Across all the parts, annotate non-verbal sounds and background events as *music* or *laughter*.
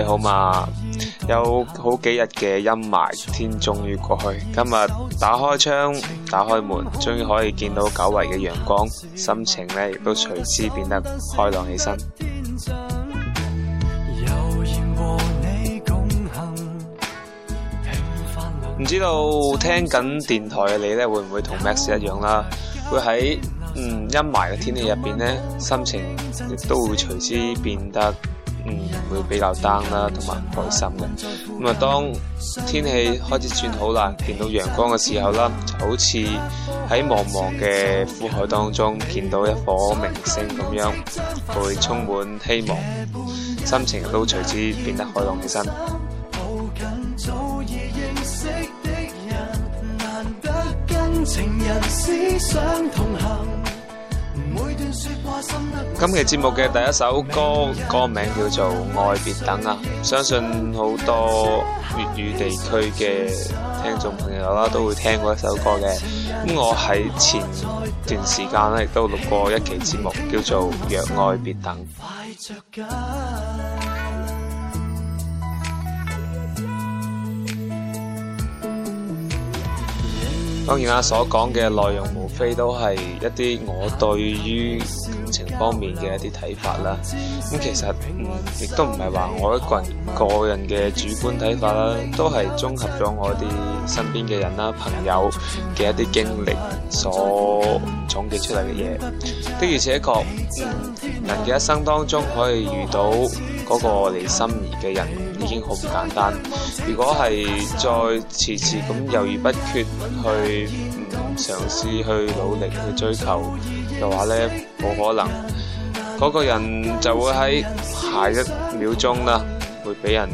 你好嗎，有好幾日嘅陰霾天終於過去，今日打開窗，打開門，終於可以見到久違嘅陽光，心情咧，亦都隨之變得開朗起身。唔知道聽緊電台嘅你咧，會唔會同 Max 一樣啦？會喺嗯，陰霾嘅天氣入邊咧，心情亦都會隨之變得。會比較 down 啦，同埋唔開心嘅。咁啊，當天氣開始轉好啦，見到陽光嘅時候啦，就好似喺茫茫嘅苦海當中見到一顆明星咁樣，會充滿希望，心情都隨之變得開朗起身。今期節目嘅第一首歌歌名叫做《愛別等》啊，相信好多粵語地區嘅聽眾朋友啦都會聽過一首歌嘅。我喺前段時間咧亦都錄過一期節目，叫做《若愛別等》。當然啦，所講嘅內容無非都係一啲我對於感情方面嘅一啲睇法啦。咁其實，嗯，亦都唔係話我一個人個人嘅主觀睇法啦，都係綜合咗我啲身邊嘅人啦、朋友嘅一啲經歷所總結出嚟嘅嘢。 *music* 的而且確，嗯，人嘅一生當中可以遇到嗰個你心儀嘅人已經好唔簡單。如果係再遲遲咁猶豫不決，去唔嘗試去努力去追求嘅話咧，冇可能。嗰個人就會喺下一秒鐘啦，會俾人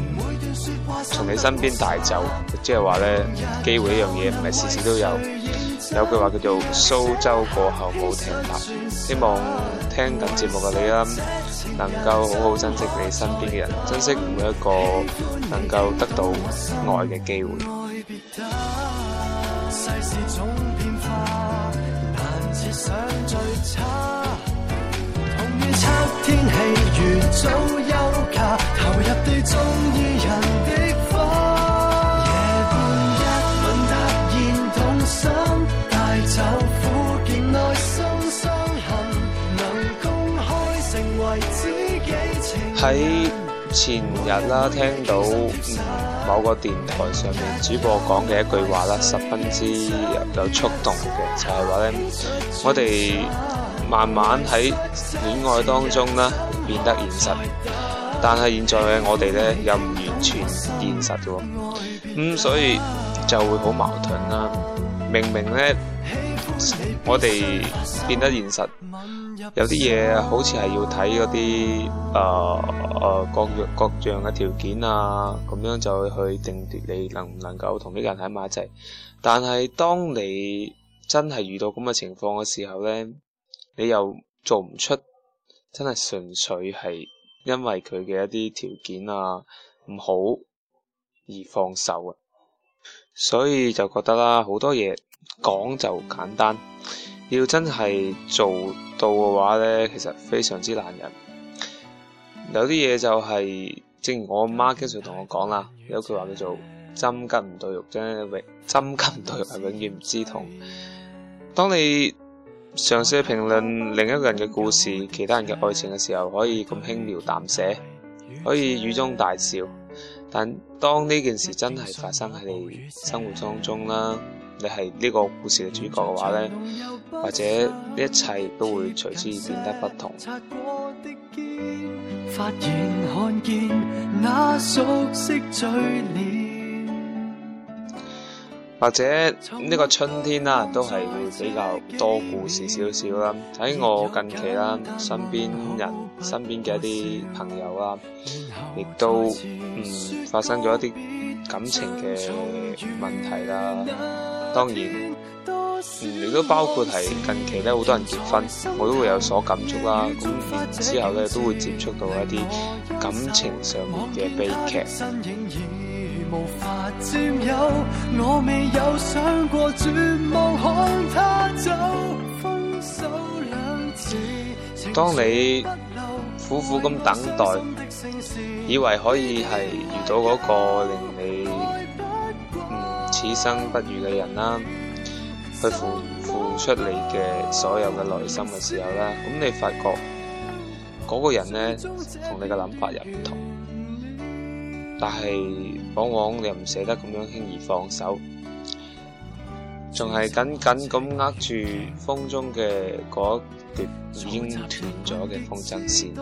從你身邊帶走。即係話咧，機會一樣嘢唔係事事都有。有句話叫做蘇州過後冇停泊，希望聽緊節目嘅你啦，能夠好好珍惜你身邊嘅人，珍惜每一個能夠得到愛嘅機會。 *music* 喺前日啦，聽到、嗯、某個電台上面主播講嘅一句話啦，十分之有有觸動嘅，就係話呢，我哋慢慢喺戀愛當中呢，變得現實，但係現在嘅我哋呢又唔完全現實嘅喎、嗯，所以就會好矛盾啦，明明呢。我哋變得現實，有啲嘢，好似係要睇嗰啲誒誒各樣各樣嘅條件啊，咁樣就去定奪你能唔能夠同呢個人喺埋一齊。但係當你真係遇到咁嘅情況嘅時候咧，你又做唔出真係純粹係因為佢嘅一啲條件啊唔好而放手啊，所以就覺得啦好多嘢。講就簡單，要真係做到嘅話呢，其實非常之難人。有啲嘢就係、是，正如我阿媽經常同我講啦，有句話叫做針拮唔到肉啫，永針拮唔到肉係永遠唔知痛。當你嘗試去評論另一個人嘅故事、其他人嘅愛情嘅時候，可以咁輕描淡寫，可以語中大笑，但當呢件事真係發生喺你生活當中啦。你係呢個故事嘅主角嘅話咧，或者一切都會隨之變得不同。 *music* 或者呢個春天啦、啊，都係會比較多故事少少啦。喺我近期啦，身邊人、身邊嘅一啲朋友啦，亦都嗯發生咗一啲感情嘅問題啦。當然，亦、嗯、都包括係近期咧，好多人結婚，我都會有所感觸啦。咁然之後咧，都會接觸到一啲感情上面嘅悲劇、嗯。當你苦苦咁等待，以為可以係遇到嗰個令你此生不渝嘅人啦，去付付出你嘅所有嘅內心嘅時候啦，咁你發覺嗰個人呢，同你嘅諗法又唔同，但係往往你又唔捨得咁樣輕易放手，仲係緊緊咁握住風中嘅嗰一段已經斷咗嘅風箏線，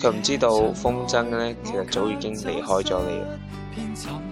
就唔知道風箏呢，其實早已經離開咗你。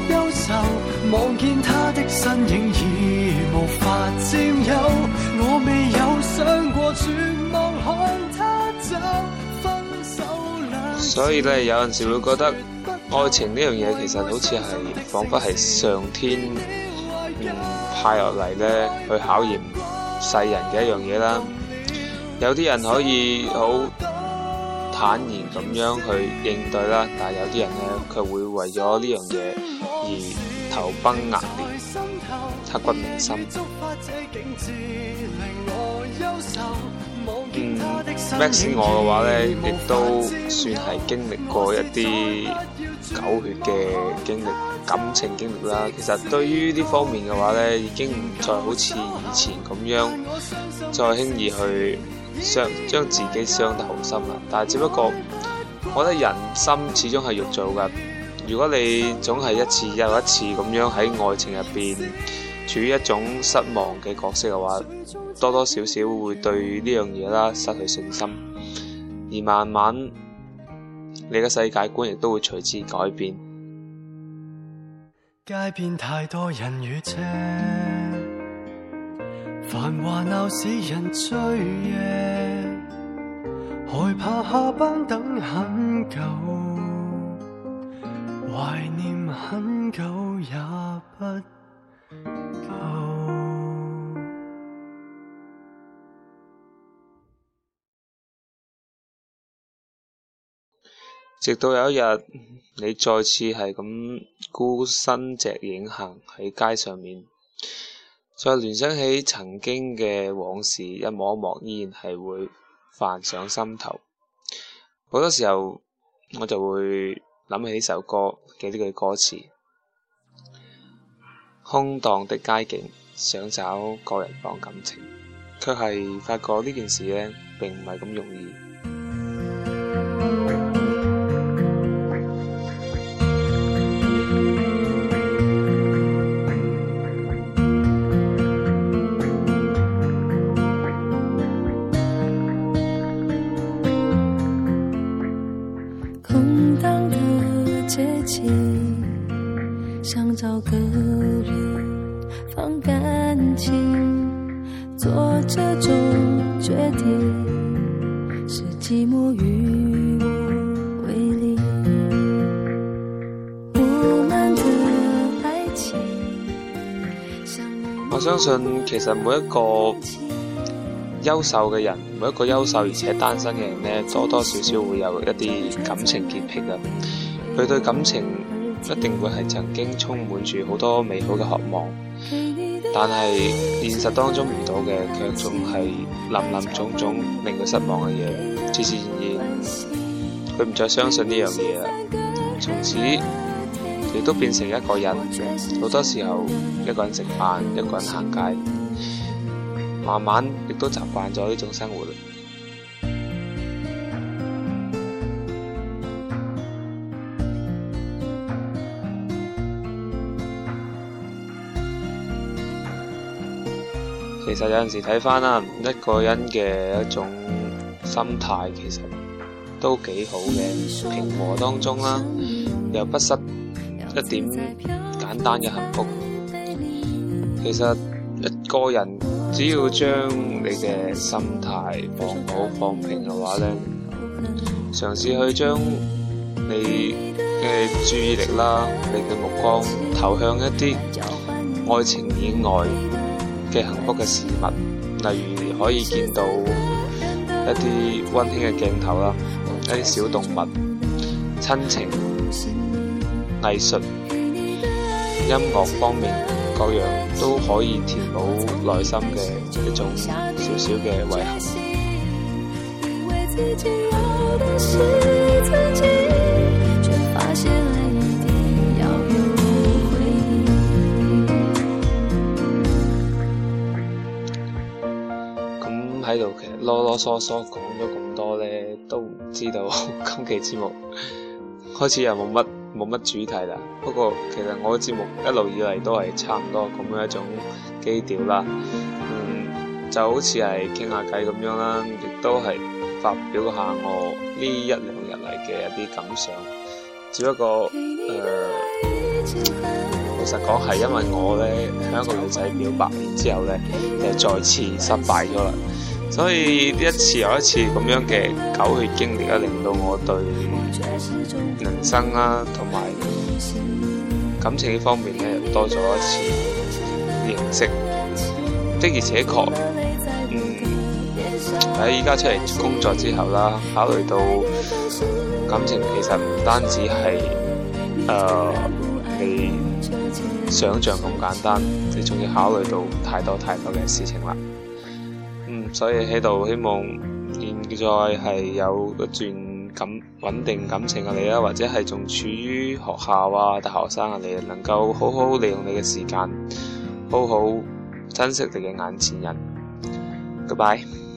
所以咧，有陣時會覺得愛情呢樣嘢其實好似係，彷彿係上天、嗯、派落嚟咧去考驗世人嘅一樣嘢啦。有啲人可以好。坦然咁樣去應對啦，但係有啲人呢，佢會為咗呢樣嘢而頭崩額裂、刻骨銘心。嗯，Max 我嘅話呢，亦都算係經歷過一啲狗血嘅經歷、感情經歷啦。其實對於呢方面嘅話呢，已經唔再好似以前咁樣，再輕易去。傷將自己傷得好深啊！但係只不過，我覺得人心始終係肉做嘅。如果你總係一次又一次咁樣喺愛情入邊處於一種失望嘅角色嘅話，多多少少會對呢樣嘢啦失去信心，而慢慢你嘅世界觀亦都會隨之改變。街邊太多人與車。繁華鬧市人醉夜，害怕下班等很久，懷念很久也不夠。直到有一日，你再次係噉孤身隻影行喺街上面。再聯想起曾經嘅往事，一幕一幕依然係會泛上心頭。好多時候，我就會諗起呢首歌嘅呢句歌詞：空蕩的街景，想找個人放感情，卻係發覺呢件事呢，並唔係咁容易。我相信，其實每一個優秀嘅人，每一個優秀而且單身嘅人呢，多多少少會有一啲感情潔癖嘅。佢對感情一定會係曾經充滿住好多美好嘅渴望，但係現實當中遇到嘅，卻總係林林總總令佢失望嘅嘢。自自然然，佢唔再相信呢樣嘢啦。從此亦都變成一個人，好多時候一個人食飯，一個人行街，慢慢亦都習慣咗呢種生活。 *music* 其實有陣時睇返啦，一個人嘅一種。心態其實都幾好嘅，平和當中啦，又不失一點簡單嘅幸福。其實一個人只要將你嘅心態放好、放平嘅話咧，嘗試去將你嘅注意力啦、你嘅目光投向一啲愛情以外嘅幸福嘅事物，例如可以見到，一啲溫馨嘅鏡頭啦，一啲小動物、親情、藝術、音樂方面各樣都可以填補內心嘅一種少少嘅遺憾。喺度其實囉囉嗦嗦講咗咁多咧，都唔知道 *laughs* 今期節目開始又冇乜冇乜主題啦。不過其實我嘅節目一路以嚟都係差唔多咁樣一種基調啦。嗯，就好似係傾下偈咁樣啦，亦都係發表下我呢一兩日嚟嘅一啲感想。只不過誒、呃，老實講係因為我咧向一個女仔表白之後咧，就再次失敗咗啦。所以這一次又一次咁樣嘅狗血經歷，令到我對人生啦同埋感情呢方面呢，又多咗一次認識。的而且確，嗯，喺而家出嚟工作之後啦，考慮到感情其實唔單止係誒、呃、你想象咁簡單，你仲要考慮到太多太多嘅事情啦。所以喺度希望，現在係有一段感穩定感情嘅你啦，或者係仲處於學校啊、大學生嘅你能夠好好利用你嘅時間，好好珍惜你嘅眼前人。Goodbye。